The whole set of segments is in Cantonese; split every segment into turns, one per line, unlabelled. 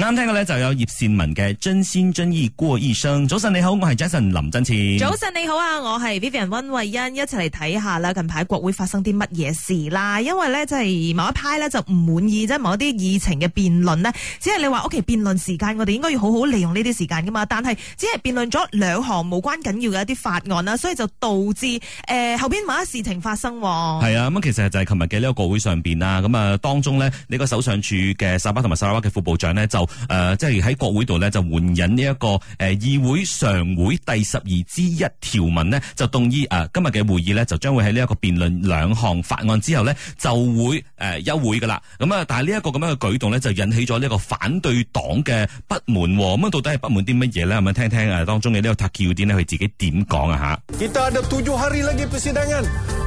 啱聽嘅咧就有葉倩文嘅真心真意過一生。早晨你好，我係 Jason 林振前。早
晨你好啊，我係 Vivian 溫慧欣，一齊嚟睇下啦，近排國會發生啲乜嘢事啦？因為咧即係某一派咧就唔滿意即係某一啲議程嘅辯論呢，只係你話屋企辯論時間我哋應該要好好利用呢啲時間噶嘛，但係只係辯論咗兩項無關緊要嘅一啲法案啦，所以就導致誒、呃、後邊某一事情發生。係
啊，咁其實就係琴日嘅呢個國會上邊啊，咁啊當中呢，呢個首相處嘅沙巴同埋砂拉越嘅副部長呢，就。誒、呃，即係喺國會度咧，就援引呢、這、一個誒、呃、議會常會第十二之一條文呢，就動議誒、呃、今日嘅會議呢，就將會喺呢一個辯論兩項法案之後呢，就會誒、呃、休會噶啦。咁、嗯、啊，但係呢一個咁樣嘅舉動呢，就引起咗呢個反對黨嘅不滿，哦。咁、嗯、啊，到底係不滿啲乜嘢呢？咁、嗯、啊，聽聽啊當中嘅呢個塔喬點呢，佢自己點講啊？吓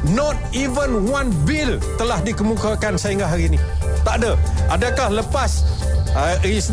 not even one bill p a s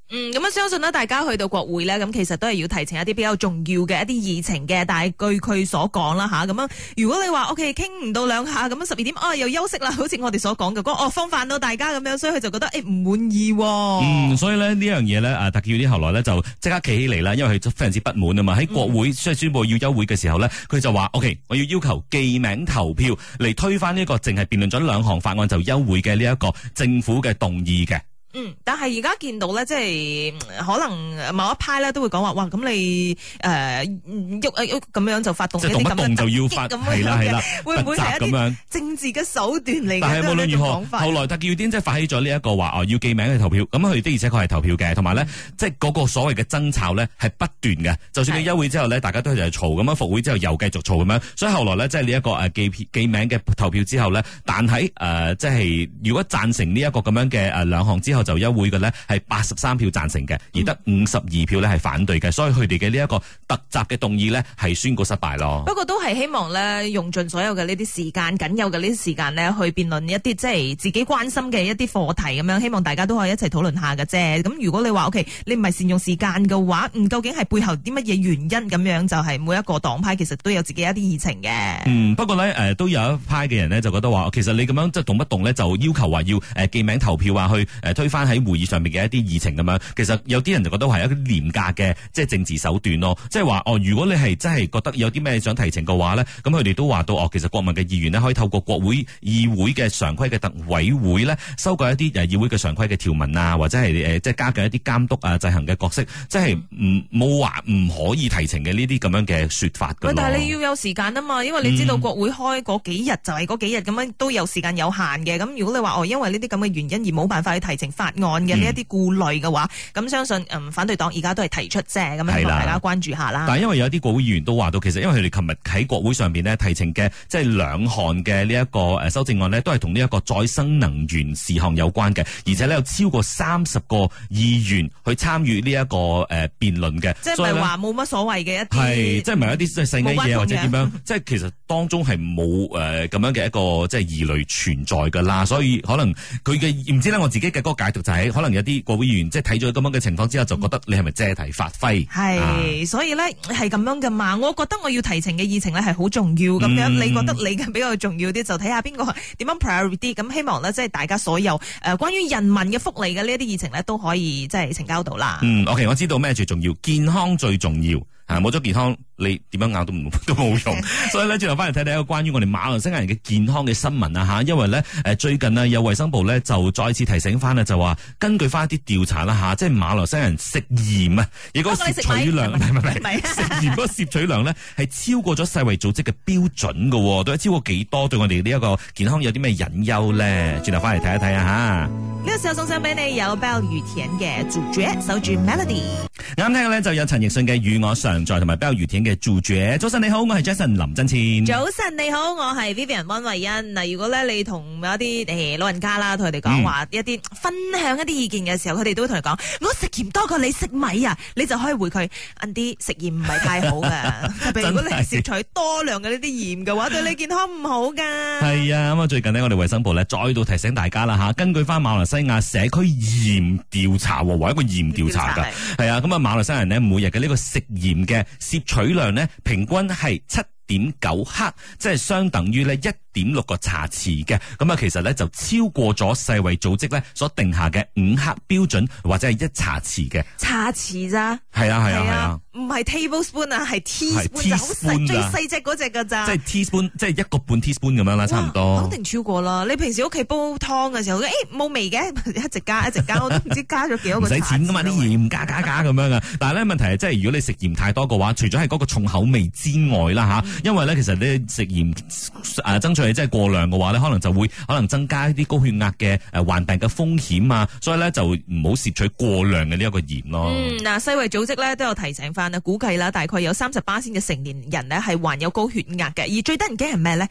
嗯，咁啊，相信大家去到國會呢，咁其實都係要提醒一啲比較重要嘅一啲議程嘅。但係據佢所講啦吓，咁樣如果你話 O K 傾唔到兩下，咁啊十二點啊又休息啦，好似我哋所講嘅，講哦方範到大家咁樣，所以佢就覺得誒唔滿意，哦。嗯，
所以呢呢樣嘢呢，啊，特叫啲後來呢，就即刻企起嚟啦，因為佢非常之不滿啊嘛。喺國會宣佈要休會嘅時候呢，佢、嗯、就話 O K，我要要求記名投票嚟推翻呢個淨係辯論咗兩項法案就休會嘅呢一個政府嘅動議嘅。
嗯，但係而家見到咧，即係可能某一派咧都會講話，哇！咁你誒喐喐咁樣就發動，即係動不動就要發，係啦係啦，會唔會咁樣政治嘅手段嚟？但係無論如何，後來
特叫啲即係發起咗呢一個話哦，要記名嘅投票。咁佢的而且確係投票嘅，同埋咧，嗯、即係嗰個所謂嘅爭吵咧係不斷嘅。就算你休會之後咧，大家都係係嘈咁樣，復會之後又繼續嘈咁樣。所以後來咧，即係呢一個誒記記名嘅投票之後咧，但係誒、呃、即係如果贊成呢一個咁樣嘅誒兩項之後。就優會嘅呢係八十三票贊成嘅，而得五十二票呢係反對嘅，所以佢哋嘅呢一個特集嘅動議呢係宣告失敗咯。不
過都係希望呢，用盡所有嘅呢啲時間，僅有嘅呢啲時間呢去辯論一啲即係自己關心嘅一啲課題咁樣，希望大家都可以一齊討論下㗎啫。咁如果你話 OK，你唔係善用時間嘅話，究竟係背後啲乜嘢原因咁樣？就係每一個黨派其實都有自己一啲議程嘅、嗯。
不過呢，誒、呃，都有一派嘅人呢就覺得話，其實你咁樣即係動不動呢，就要求話要誒、呃、記名投票啊，去誒、呃、推翻喺會議上面嘅一啲議程咁樣，其實有啲人就覺得係一啲廉價嘅即係政治手段咯，即係話哦，如果你係真係覺得有啲咩想提呈嘅話咧，咁佢哋都話到哦，其實國民嘅議員呢，可以透過國會議會嘅常規嘅特委會咧修改一啲誒議會嘅常規嘅條文啊，或者係誒、呃、即係加緊一啲監督啊、制衡嘅角色，即係唔冇話唔可以提呈嘅呢啲咁樣嘅説法。喂，但係你
要有時間啊嘛，因為你知道國會開嗰幾日就係嗰幾日咁樣都有時間有限嘅，咁如果你話哦，因為呢啲咁嘅原因而冇辦法去提呈。法案嘅呢一啲顧慮嘅話，咁、嗯、相信嗯，反對黨而家都係提出啫，咁希望大家關注下啦。但係
因為有啲國會議員都話到，其實因為佢哋琴日喺國會上邊咧提請嘅，即係兩項嘅呢一個誒修正案咧，都係同呢一個再生能源事項有關嘅，而且咧有超過三十個議員去參與呢一個誒辯論嘅。即係話
冇乜所謂嘅一啲？
即係唔係一啲細嘅嘢或者點樣，即係其實當中係冇誒咁樣嘅一個即係疑慮存在噶啦，所以可能佢嘅唔知咧，我自己嘅嗰個解。仔、就是、可能有啲國會議員即係睇咗咁樣嘅情況之後就覺得你係咪借題發揮？
係、啊，所以咧係咁樣噶嘛。我覺得我要提呈嘅議程咧係好重要咁樣、嗯。你覺得你嘅比較重要啲？就睇下邊個點樣 priority。咁希望咧即係大家所有誒關於人民嘅福利嘅呢一啲議程咧都可以即係呈交到啦。
嗯，OK，我知道咩最重要？健康最重要。冇、啊、咗健康，你點樣咬都都冇用。 所以咧，轉頭翻嚟，睇睇一個關於我哋馬來西亞人嘅健康嘅新聞啊吓，因為咧，誒最近啊有衛生部咧就再次提醒翻啦，就話根據翻一啲調查啦吓、啊，即係馬來西亞人食鹽啊，如果攝取量，啊、食鹽嗰個攝取量咧係 超過咗世衛組織嘅標準噶，到、啊、底超過幾多？對我哋呢一個健康有啲咩隱憂咧？轉頭翻嚟睇一睇啊吓。呢、這
個時候送上俾你有鮑魚甜嘅主角，守住 melody。啱聽嘅咧就
有陳奕迅嘅《與我常在》同埋比較甜嘅《做住》。早晨你好，我係 Jason 林真千，早
晨你好，我係 Vivian 溫慧欣。嗱、嗯，如果咧你同一啲誒老人家啦，同佢哋講話一啲分享一啲意見嘅時候，佢哋都會同你講：我食鹽多過你食米啊！你就可以回佢，啲食鹽唔係太好㗎。 」特別如果你攝取多量嘅呢啲鹽嘅話， 對你健康唔好噶。
係啊，咁啊最近呢，我哋衛生部呢，再度提醒大家啦吓，根據翻馬來西亞社區鹽調查，或一個鹽調查噶，係啊，咁啊馬來西亞人咧每日嘅呢個食鹽嘅攝取量咧，平均係七。點九克，即係相等於咧一點六個茶匙嘅，咁啊其實咧就超過咗世衛組織咧所定下嘅五克標準或者係一茶匙嘅。
茶匙咋？係啊係啊係啊，唔係、啊啊啊啊、tablespoon 啊，係 teaspoon，好細最細隻嗰隻噶咋。即、就、係、
是、teaspoon，即係一個半 teaspoon 咁樣啦，差唔多。肯定
超過啦，你平時屋企煲湯嘅時候，誒、欸、冇味嘅，一直加一直加， 我都唔知道加咗幾多個。唔使錢
噶嘛，啲鹽加加加咁樣噶。但係咧 問題係，即係如果你食鹽太多嘅話，除咗係嗰個重口味之外啦，吓、嗯。因為咧，其實你食鹽誒、啊，爭取即係過量嘅話咧，可能就會可能增加一啲高血壓嘅誒、呃、患病嘅風險啊，所以咧就唔好攝取過量嘅呢一個鹽咯。嗯，
嗱、啊，世衛組織咧都有提醒翻啊，估計啦大概有三十巴仙嘅成年人咧係患有高血壓嘅，而最得人驚係咩咧？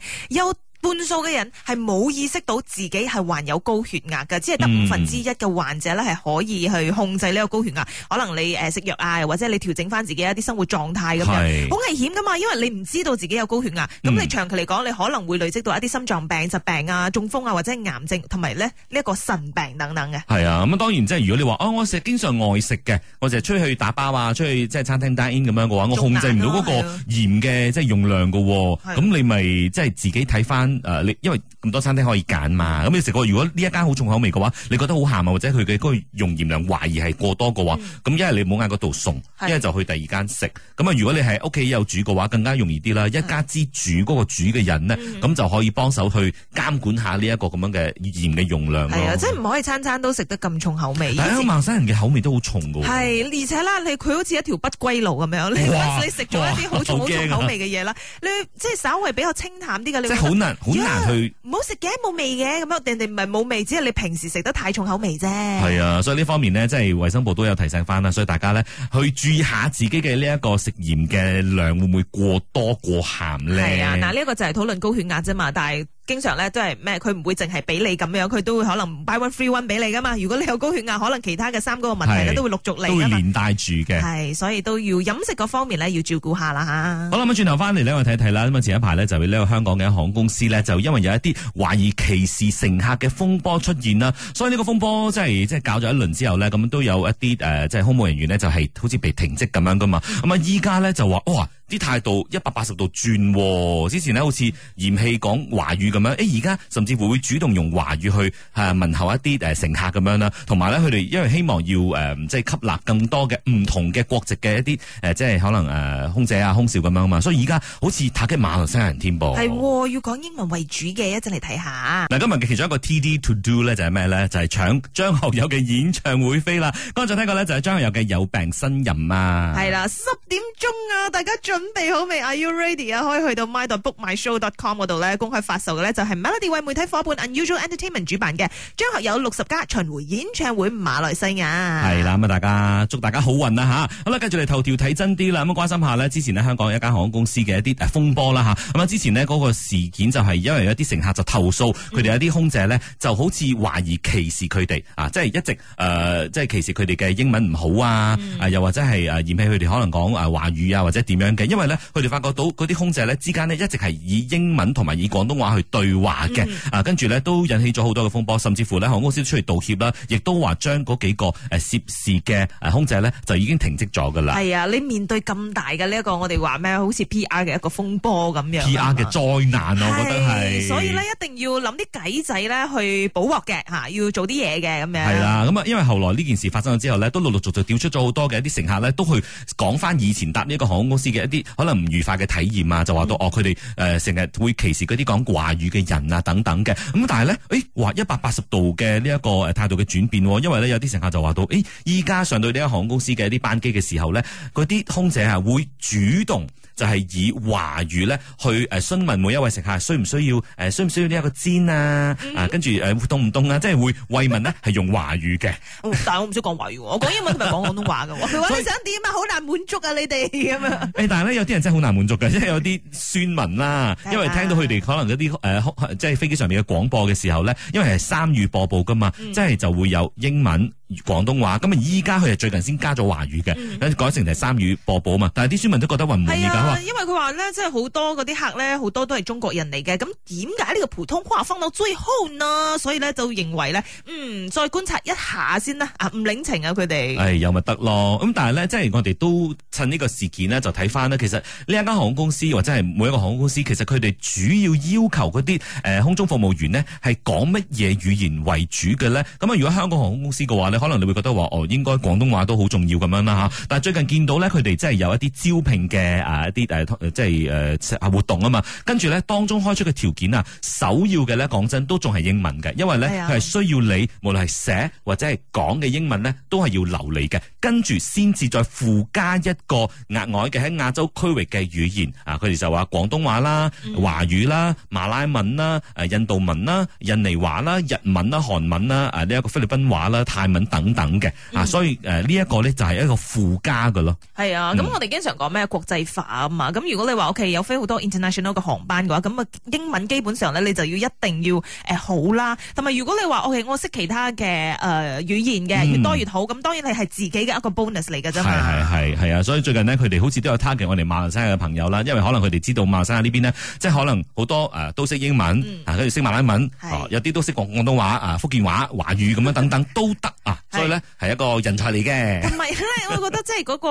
半數嘅人係冇意識到自己係患有高血壓㗎，只係得五分之一嘅患者咧係可以去控制呢個高血壓、嗯。可能你誒食藥啊，或者你調整翻自己一啲生活狀態咁樣，好危險噶嘛！因為你唔知道自己有高血壓，咁你長期嚟講、嗯，你可能會累積到一啲心臟病疾病啊、中風啊，或者係癌症同埋呢一、呢個腎病等等嘅。
係啊，咁當當然即係如果你話啊，我成日經常外食嘅，我成日出去打包啊，出去即係餐廳 dining 咁樣嘅話，我控制唔到嗰個鹽嘅即係用量㗎喎，咁、啊啊、你咪即係自己睇翻。誒、呃，你因為咁多餐廳可以揀嘛，咁你食過如果呢一間好重口味嘅話，你覺得好咸啊，或者佢嘅嗰個用鹽量懷疑係過多嘅話，咁一係你冇嗌嗰度餸，一係就去第二間食。咁啊，如果你係屋企有煮嘅話，更加容易啲啦。一家之煮嗰、嗰個煮嘅人呢，咁、嗯、就可以幫手去監管下呢一個咁樣嘅鹽嘅用量咯。係呀，即係
唔可以餐餐都食得咁重口味。但係啊，
孟山人嘅口味都好重
噶。係，而且啦，你佢好似一條不歸路咁樣。你食咗一啲好重好重口味嘅嘢啦，你即係稍微比較清淡啲嘅，你即難。即好難去唔好食嘅冇味嘅咁樣，我哋唔係冇味，只係你平時食得太重口味啫。係
啊，所以呢方面咧，即係衛生部都有提醒翻啦，所以大家咧去注意下自己嘅呢一個食鹽嘅量會唔會過多過咸咧？係啊，嗱，
呢一個就係討論高血壓啫嘛，但係。經常咧都係咩？佢唔會淨係俾你咁樣，佢都會可能 buy one free one 俾你噶嘛。如果你有高血壓，可能其他嘅三個問題咧都會陸續嚟啊嘛。都會連
帶住嘅。係，
所以都要飲食嗰方面咧要照顧下啦吓。
好啦，咁轉頭翻嚟呢，我睇睇啦。咁啊，前一排呢，就呢個香港嘅航空公司呢，就因為有一啲懷疑歧視乘客嘅風波出現啦。所以呢個風波，即係即係搞咗一輪之後呢，咁都有一啲誒、呃，即係空務人員呢，就係好似被停職咁樣噶嘛。咁、嗯、啊，依家呢，就話哇。啲態度一百八十度轉，之前呢，好似嫌棄講華語咁樣，誒而家甚至會主動用華語去誒問候一啲誒乘客咁樣啦，同埋咧佢哋因為希望要誒即係吸納更多嘅唔同嘅國籍嘅一啲誒即係可能誒空姐啊空少咁樣啊嘛，所以而家好似打擊馬來西亞人添噃，係
要講英文為主嘅，一陣嚟睇下。嗱，今
日嘅其中一個 T D to do 咧就係咩咧？就係、是、搶張學友嘅演唱會飛啦。剛才聽過咧就係張學友嘅有病呻吟啊，係
啦，十點鐘啊，大家準備好未？Are you ready 啊？可以去到 my.bookmyshow.com 嗰度咧，公開發售嘅咧就係 Melody 為媒體夥伴 Unusual Entertainment 主辦嘅，張學友六十家巡迴演唱會馬來西亞。係
啦，咁啊，大家祝大家好運啦吓。好啦，跟住嚟頭條睇真啲啦。咁關心下呢，之前呢，香港有一間航空公司嘅一啲風波啦吓。咁啊，之前呢，嗰個事件就係因為有啲乘客就投訴，佢哋有啲空姐咧就好似懷疑歧視佢哋啊，即係一直誒、呃，即係歧視佢哋嘅英文唔好啊，啊、嗯、又或者係誒嫌棄佢哋可能講誒華語啊，或者點樣嘅。因為咧，佢哋發覺到嗰啲空姐咧之間呢，一直係以英文同埋以廣東話去對話嘅，啊、嗯，跟住咧都引起咗好多嘅風波，甚至乎呢，航空公司出嚟道歉啦，亦都話將嗰幾個涉事嘅空姐呢，就已經停職咗噶啦。係
啊，你面對咁大嘅呢一個我哋話咩，好似 P.R. 嘅一個風波咁樣。P.R. 嘅
災難，我覺得係。所以呢，一
定要諗啲計仔咧去補獲嘅嚇，要做啲嘢嘅咁樣。係啦，
咁啊，因為後來呢件事發生咗之後呢，都陸陸續續調出咗好多嘅一啲乘客呢，都去講返以前搭呢個航空公司嘅。啲可能唔愉快嘅體驗啊，就話到哦，佢哋誒成日會歧視嗰啲講華語嘅人啊等等嘅。咁但係咧，誒話一百八十度嘅呢一個誒態度嘅轉變。因為咧有啲乘客就話到，誒依家上到呢間航空公司嘅一啲班機嘅時候咧，嗰啲空姐係會主動就係以華語咧去誒詢問每一位乘客需唔需要誒、呃、需唔需要呢一個氈啊，跟住誒凍唔凍啊，即係會慰問呢係用華語嘅，哦。
但
係我唔識講
華語，我講英文同埋講廣東話嘅。 你想點啊？好難滿足啊你！你
哋咁啊。但係咧 有啲人真係好難滿足嘅，即係有啲宣文啦，因為聽到佢哋可能一啲誒、呃、即係飛機上面嘅廣播嘅時候咧，因為係三語播報㗎嘛，即係就會有英文。廣東話，咁啊依家佢係最近先加咗華語嘅，跟、嗯、住改成係三語播報啊嘛。但係啲村民都覺得混唔嚟意啊，因
為佢話咧，即係好多嗰啲客咧，好多都係中國人嚟嘅。咁點解呢個普通話放到最好呢？所以咧，就認為咧，嗯，再觀察一下先啦，啊，唔領情啊，佢哋。係
有咪得咯？咁但係咧，即係我哋都趁呢個事件呢，就睇翻呢。其實呢一間航空公司或者係每一個航空公司，其實佢哋主要要求嗰啲、呃、空中服務員呢，係講乜嘢語言為主嘅咧？咁啊，如果香港航空公司嘅話咧，可能你會覺得話哦，應該廣東話都好重要咁樣啦嚇。但係最近見到咧，佢哋即係有一啲招聘嘅啊一啲誒、啊，即係誒、啊、活動啊嘛。跟住咧，當中開出嘅條件啊，首要嘅咧講真都仲係英文嘅，因為咧佢係需要你無論係寫或者係講嘅英文咧，都係要流利嘅，跟住先至再附加一個額外嘅喺亞洲區域嘅語言啊。佢哋就話廣東話啦、華語啦、馬拉文啦、啊、印度文啦、啊、印尼話啦、日文啦、韓文啦、呢、啊、一、這個菲律賓話啦、泰文。等等嘅，嗯、啊，所以誒呢一個咧就係一個附加嘅咯。
係啊，咁我哋經常講咩國際化啊嘛，咁如果你話 okay，有飛好多 international 嘅航班嘅話，咁啊英文基本上咧你就要一定要誒、呃、好啦。同埋如果你話我、okay, 我識其他嘅誒、呃、語言嘅越多越好，咁、嗯、當然你係自己嘅一個 bonus 嚟㗎啫嘛。係
係係啊，所以最近呢佢哋好似都有 target 我哋馬來西亞嘅朋友啦，因為可能佢哋知道馬來西亞呢邊呢，即係可能好多誒、呃、都識英文跟住，嗯啊、識馬來文，哦、有啲都識講廣東話啊、呃、福建話、華語咁樣等等 都得啊。所以咧，係一個人才嚟嘅。
唔 係 我覺得即係嗰、那個、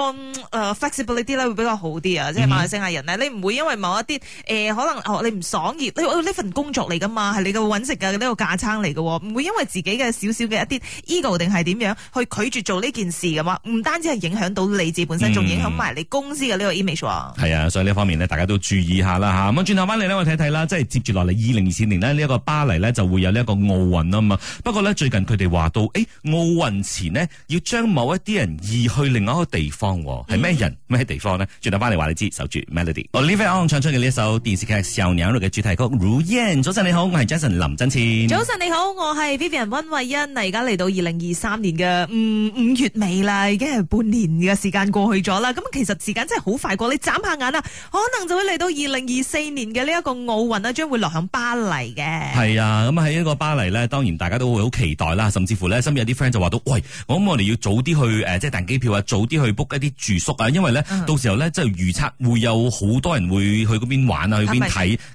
呃、flexible 啲咧會比較好啲啊！即係馬來西亞人咧、嗯，你唔會因為某一啲、呃、可能你唔爽而呢份工作嚟噶嘛，係你嘅搵食嘅呢個架撐嚟嘅，唔會因為自己嘅少少嘅一啲 ego 定係點樣去拒絕做呢件事嘅話，唔單止係影響到你自己本身，仲、嗯、影響埋你公司嘅呢個 image 喎。
係啊，所以呢方面呢，大家都注意下啦吓。咁轉轉頭翻嚟呢，我睇睇啦，即係接住落嚟二零二四年呢，呢、這、一個巴黎呢就會有呢一個奧運啊嘛。不過呢，最近佢哋話到、欸奧運前呢，要將某一啲人移去另外一個地方、哦，係、嗯、咩人咩地方呢？轉頭翻嚟話你知，守住 Melody。哦 ，Olivia Ong 唱出嘅呢一首電視劇《小娘惹》嘅主題曲《如燕》。早晨你好，我係 Jason 林振前。早
晨你好，我係 Vivian 溫慧欣。而家嚟到二零二三年嘅五月尾啦，已經係半年嘅時間過去咗啦。咁其實時間真係好快過，你眨下眼啊，可能就會嚟到二零二四年嘅呢一個奧運啊，將會落響巴黎嘅。
係啊，咁喺呢個巴黎呢，當然大家都會好期待啦，甚至乎呢，身邊有啲 friend 話到，喂，我諗我哋要早啲去誒，即係訂機票啊，早啲去 book 一啲住宿啊，因為咧，嗯嗯到時候咧，即係預測會有好多人會去嗰邊玩邊是是啊，去邊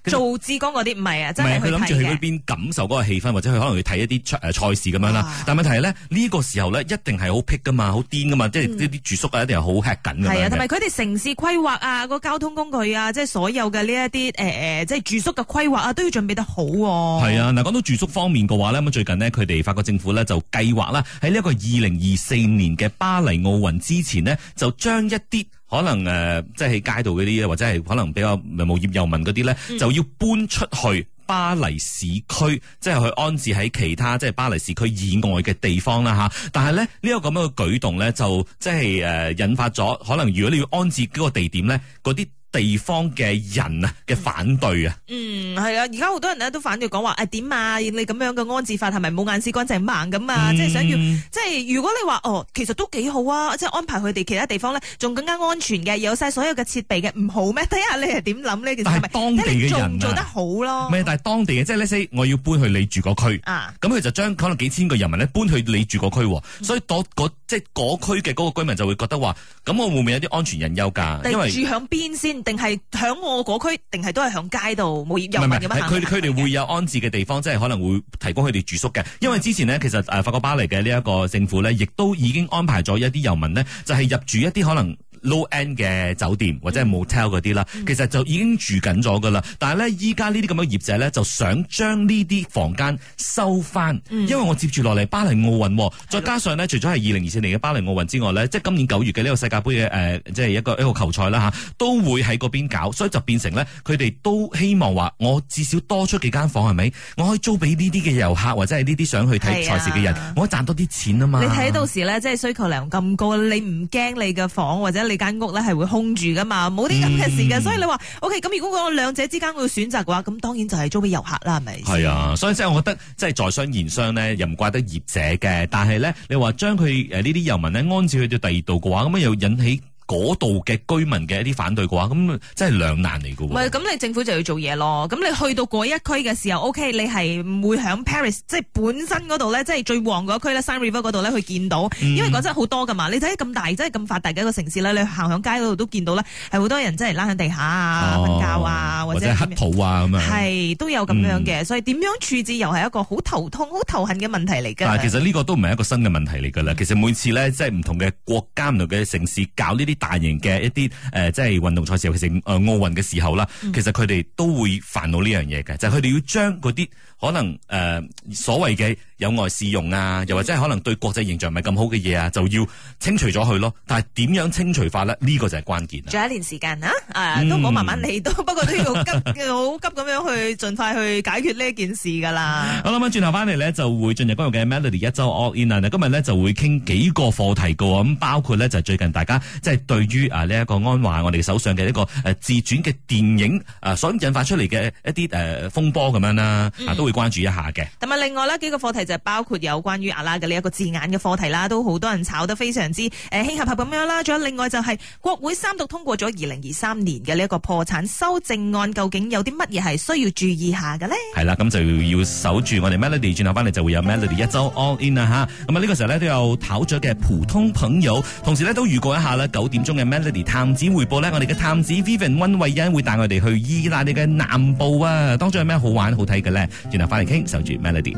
睇。做
志工嗰啲唔係啊，即係佢諗住去嗰
邊感受嗰個氣氛，或者佢可能去睇一啲誒賽事咁樣啦。啊、但係問題咧，呢、呢個時候咧，一定係好迫噶嘛，好癲噶嘛，嗯、即係呢啲住宿啊，一定係好吃緊噶嘛。係啊，同埋佢
哋城市規劃啊，個交通工具啊，即、就、係、是、所有嘅呢一啲誒誒，即、呃、係、就是、住宿嘅規劃啊，都要準備得好。係啊，
嗱、啊，講到住宿方面嘅話咧，咁最近呢，佢哋法國政府咧就計劃啦。喺呢個二零二四年嘅巴黎奧運之前呢，就將一啲可能誒，即係街道嗰啲，或者係可能比較無業遊民嗰啲咧，就要搬出去巴黎市區，即係去安置喺其他即係巴黎市區以外嘅地方啦吓，但係咧，呢個咁樣嘅舉動咧，就即係誒，引發咗可能如果你要安置嗰個地點咧，嗰啲地方嘅人啊嘅反對、嗯嗯啊，反對
哎、啊，是是啊，嗯，係啊，而家好多人咧都反對講話，誒，點啊，你咁樣嘅安置法係咪冇眼屎乾淨盲咁啊？即係想要，即係如果你話哦，其實都幾好啊，即係安排佢哋其他地方咧，仲更加安全嘅，有晒所有嘅設備嘅，唔好咩？睇下你係點諗呢件事。但係當地、啊、你做得好咯，
咪但係當地嘅，即係 let's say 我要搬去你住個區啊，咁佢就將可能幾千個人民咧搬去你住個區、啊，所以嗰、嗯、即係區嘅嗰個居民就會覺得話，咁我會唔會有啲安全隱憂噶，因為住響
邊先。定係喺我嗰區，定係都係喺街度冇業，又唔係唔係，佢、佢
哋會有安置嘅地方，即係可能會提供佢哋住宿嘅。因為之前咧，其實誒法國巴黎嘅呢一個政府咧，亦都已經安排咗一啲遊民咧，就係入住一啲可能。low end 嘅酒店或者係 motel 嗰啲啦，其實就已經住緊咗噶啦但係咧，依家呢啲咁嘅業者咧，就想將呢啲房間收翻、嗯，因為我接住落嚟巴黎奧運，再加上咧除咗係二零二四年嘅巴黎奧運之外咧，即係今年九月嘅呢個世界盃嘅誒即係一個一個球賽啦吓，都會喺嗰邊搞，所以就變成咧，佢哋都希望話我至少多出幾間房係咪？我可以租俾呢啲嘅遊客或者係呢啲想去睇賽事嘅人，我可以賺多啲錢啊嘛。你睇到
時咧，即係需求量咁高，你唔驚你嘅房或者你？間屋咧係會空住噶嘛，冇啲咁嘅事嘅、嗯，所以你話，O K，咁如果講兩者之間會選擇嘅話，咁當然就係租俾遊客啦，係咪？係
啊，所以即係我覺得即係、就是、在商言商咧，又唔怪得業者嘅，但係咧，你話將佢誒呢啲遊民咧安置去到第二度嘅話，咁又引起，嗰度嘅居民嘅一啲反對嘅話，咁真係兩難嚟嘅。
唔係，咁你政府就要做嘢咯。咁你去到嗰一區嘅時候，OK，你係唔會響 Paris，即係本身嗰度咧，即係最旺嗰區咧，Seine River 嗰度咧，嗯、去見到，因為嗰真係好多噶嘛。你睇咁大，真係咁發達嘅一個城市咧，你行響街嗰度都見到啦，係好多人真係拉響地下啊、瞓、哦、覺啊，或者乞討啊咁樣，係都有咁樣嘅、嗯。所以點樣處置又係一個好頭痛、好頭痕嘅問題嚟㗎。但，其實
呢個都唔係一個新嘅問題嚟㗎啦。其實每次咧，即係唔同嘅國家、唔同嘅城市搞呢啲。大型嘅一啲誒、呃，即係運動賽事，或者誒、呃、奧運嘅時候啦，其實佢哋都會煩惱呢樣嘢嘅，就係佢哋要將嗰啲可能誒、呃、所謂嘅有礙市容啊，又或者係可能對國際形象唔係咁好嘅嘢啊，就要清除咗佢咯。但係點樣清除法咧？呢、呢個就係關鍵。仲
有一年時間啊，誒、啊、都唔好慢慢嚟，到，嗯、 不過都要急，好急咁樣去盡快去解決呢一件事㗎啦。
好啦，咁轉頭翻嚟咧，就會進入今日嘅 Melody 一周。all in 啦。今日咧就會傾幾個課題嘅喎，咁包括咧就係、是、最近大家即係。就是對於啊，呢一個安華我哋手上嘅一個誒自傳嘅電影啊所引發出嚟嘅一啲誒風波咁樣啦、啊嗯，都會關注一下嘅。
咁啊，另外咧幾個課題就係包括有關於阿拉嘅呢一個字眼嘅課題啦，都好多人炒得非常之誒興合合咁樣啦。仲有另外就係國會三讀通過咗二零二三年嘅呢一個破產修正案，究竟有啲乜嘢係需要注意一下嘅呢？
係啦，咁就要守住我哋 Melody，轉頭翻嚟就會有 Melody 一周 All In、哎、啊嚇。咁啊呢個時候呢，都有考咗嘅普通朋友，同時呢都預告一下啦九。點鐘嘅 Melody 探子回報咧，我哋嘅探子 Vivian 溫慧欣會帶我哋去意大利嘅南部啊！當中有咩好玩好睇嘅咧？然後返嚟傾，守住 Melody。